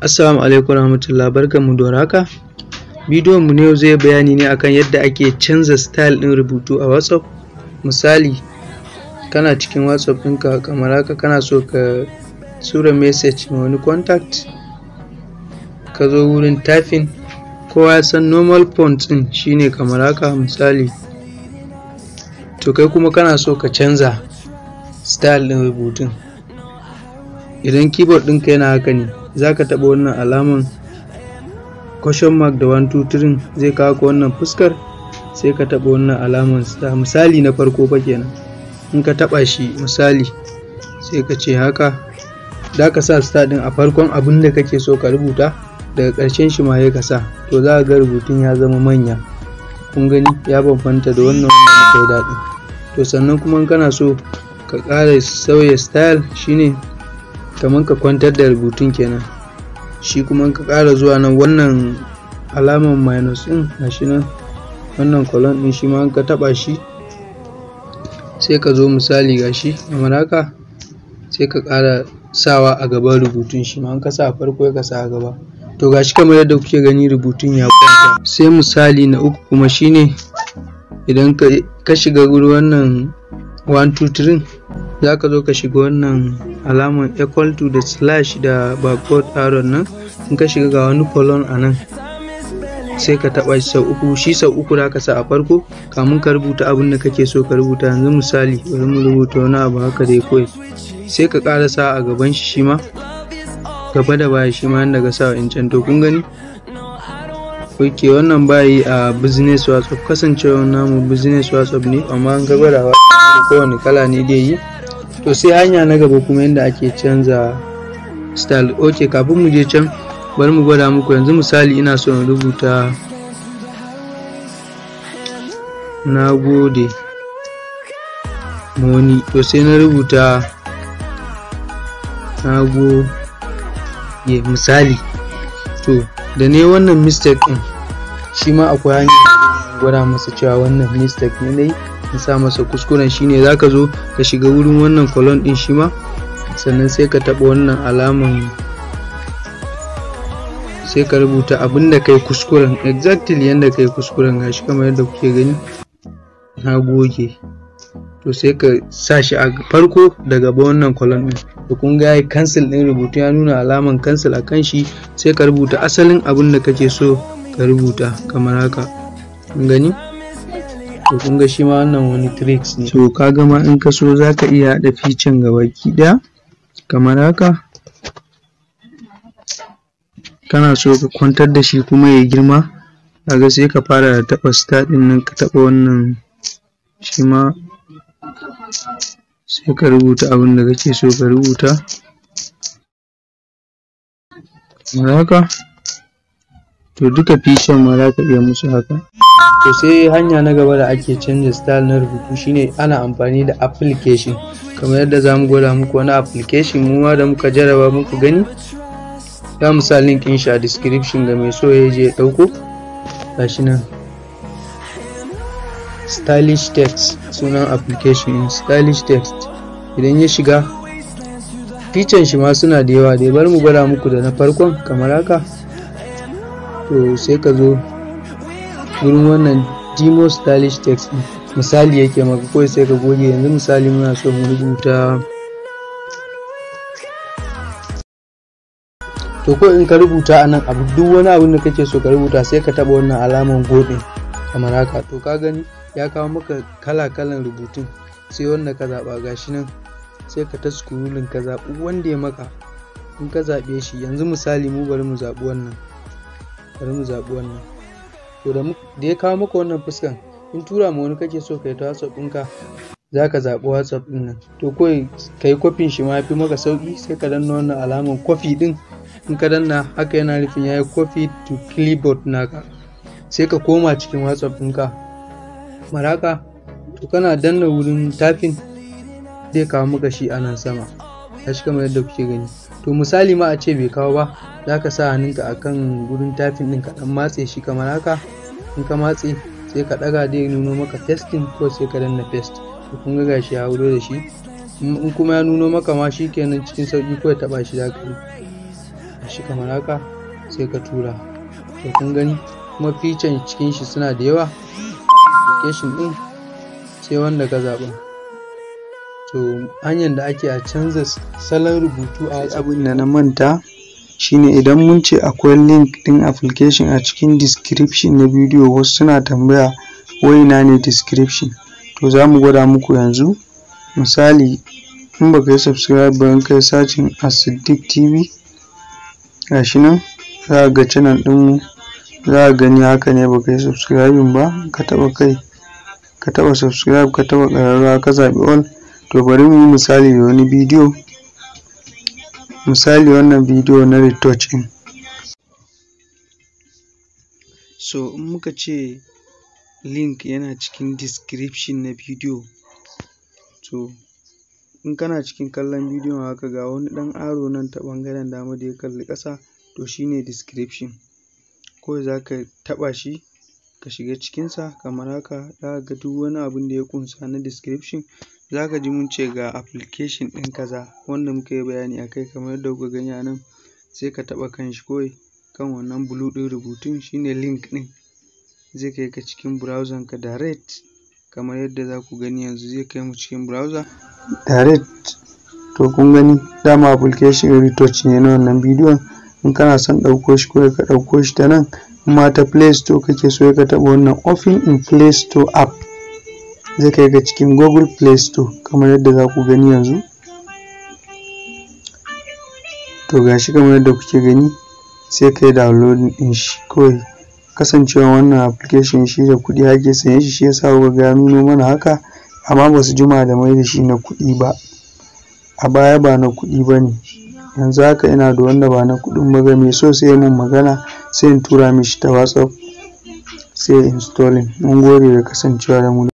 Assalamu alaikum warahmatullahi barkanmu da warhaka. Bidiyon mu yau zai bayani ne akan yadda ake canza style ɗin rubutu a WhatsApp. Misali, kana cikin WhatsApp ɗinka kamar haka kana so ka tura message ma wani contact ka zo wurin tafin kowa ya san normal font ɗin shine kamar haka misali to kai kuma kana so ka canza style ɗin rubutun idan keyboard ɗinka yana haka ne za ka taɓa wannan alaman question mark da 123 zai kawo wannan fuskar sai ka taɓa wannan alaman star misali na farko ba kenan in ka taɓa shi misali sai ka ce haka za ka sa star ɗin a farkon abin da kake so ka rubuta daga ƙarshen shi ma ya ka sa to za ga rubutun ya zama manya kun gani ya bambanta da wannan wannan kai daɗi to sannan kuma kana so ka ƙara sauya style shine kamar ka kwantar da rubutun kenan shi kuma ka ƙara zuwa nan wannan alamar minus na gashi nan wannan colon ɗin shi ma ka taɓa shi sai ka zo misali gashi kamar haka sai ka ƙara sawa a gaban rubutun shi ma ka sa farko ka sa a gaba to gashi kamar yadda kuke gani rubutun ya kwanta sai misali na uku kuma shine idan ka shiga gurin wannan 1 2 3 za ka zo ka shiga wannan alamar equal to da slash da barcode arrow nan in ka shiga ga wani colon a nan sai ka taɓa sau uku shi sau uku da ka sa a farko kamun ka rubuta abin da kake so ka rubuta yanzu misali bari mu rubuta wani abu haka dai kawai sai ka ƙara sa a gaban shi shi ma gaba da baya shi ma yadda sa in can to kun gani ok wannan bayi a business whatsapp kasancewar namu business whatsapp ne amma an gaba da kowane kala ne dai yi to sai hanya na gaba kuma inda ake canza style ok kafin mu je can bari mu gwada muku yanzu misali ina so na rubuta na gode moni to sai na rubuta na gode misali to da ne wannan mistake shi ma akwai hanyar gwada masa cewa wannan mistake ne na ka sa masa kuskuren shine za ka zo ka shiga wurin wannan kolon din shi ma sannan sai ka taɓa wannan alaman sai ka rubuta abin da kai kuskuren exactly yadda kai kuskuren gashi kamar yadda kuke gani na goge to sai ka sa shi a farko da gaba wannan kolon din to kun ga ya cancel din rubutu ya nuna alaman cancel a kan shi sai ka rubuta asalin abin da kake so ka rubuta kamar haka gani to kun ga shi ma wannan wani tricks ne to ka gama in ka so zaka ka iya haɗa ga baki ɗaya kamar haka kana so ka kwantar da shi kuma ya girma kaga sai ka fara da taba start ɗin nan ka taɓa wannan shi ma sai ka rubuta abin da kake so ka rubuta kamar haka to duka fishin ma za iya musu haka to sai hanya na gaba da ake canza style na rubutu shine ana amfani da application kamar yadda za mu gwada muku wani application mu ma da muka jaraba muku gani ga misali linkin shi a description ga mai so ya je ya dauko gashi nan stylish text sunan application stylish text idan ya shiga fichan shi ma suna da yawa da bar mu gwada muku da na farkon kamar haka to sai ka zo wurin wannan demo stylish text misali yake maka kawai sai ka goge yanzu misali muna so mu rubuta to ko in ka rubuta a nan abu duk wani abu da kake so ka rubuta sai ka taba wannan alaman gobe kamar haka to ka gani ya kawo maka kala-kalan rubutun sai wanda ka zaɓa gashi nan sai ka ta scrolling ka zaɓi wanda ya maka in ka zaɓe shi yanzu misali mu bari mu zaɓi wannan bari mu zaɓi wannan to da ya kawo maka wannan fuskan in tura ma wani kake so kai ta whatsapp ɗinka za ka zaɓi whatsapp ɗin nan to kawai kai kwafin shi ma ya fi maka sauƙi sai ka danna wannan alamar kwafi ɗin in ka danna haka yana nufin ya yi kwafi to clipboard naka sai ka koma cikin whatsapp ɗinka maraka to kana danna wurin tafin zai kawo maka shi a nan sama ya shi kamar yadda kuke gani to misali ma a ce bai kawo ba za ka sa hannunka a kan gurin tafin ɗin ka ɗan matse shi kamar haka in ka matse sai ka ɗaga zai nuno maka testing ko sai ka danna fest to kun ga gashi ya hudo da shi in kuma ya nuno maka ma shi kenan cikin sauƙi ko ya taɓa shi za ka yi shi kamar haka sai ka tura to kun gani kuma fican cikin shi suna da yawa application ɗin sai wanda ka zaɓa to hanyar da ake a canza salon rubutu a abin da na manta shine idan mun ce akwai link ɗin application a cikin description na video wasu suna tambaya wai ne description to za mu gwada muku yanzu misali in ba ka yi subscribe ba in kai sacin acidic tv shi nan za a ga channel mu? za ka gani haka ne baka yi subscribe ba ka taɓa kai ka taba subscribe ka taɓa ƙararrawa ka zaɓi all to bari mu yi misali da wani bidiyo misali wannan bidiyo na retouch ɗin so in muka ce link yana cikin description na bidiyo to in kana cikin kallon bidiyon haka ga wani ɗan aro nan ta ɓangaren dama da ya kalli ƙasa to shine description kawai za ka taɓa shi ka shiga cikinsa kamar haka za ka ga duk wani abin da ya ƙunsa na description za ka ji mun ce ga application ɗin kaza wanda muka yi bayani a kai kamar yadda kuka gani a nan sai ka taɓa kan shi kawai kan wannan blue ɗin rubutun shine link ɗin zai kai ka cikin browser ka direct kamar yadda za ku gani yanzu zai kai mu cikin browser direct to kun gani dama application retouch ne na wannan bidiyon in kana son ɗauko shi kawai ka ɗauko shi ta nan in ma ta play store kake so ka taɓa wannan open in play store app zai kai ga cikin google play store kamar yadda za ku gani yanzu to gashi kamar yadda kuke gani sai kai downloading din shi kawai kasancewa wannan application shi da kuɗi hake sayen shi shi yasa ga ga nuno mana haka amma ba su jima da mai da shi na kuɗi ba a baya ba na kuɗi ba ne yanzu haka ina da wanda ba na kuɗin ba ga mai so sai mun magana sai in tura mishi ta whatsapp sai installing mun gode da kasancewa da mu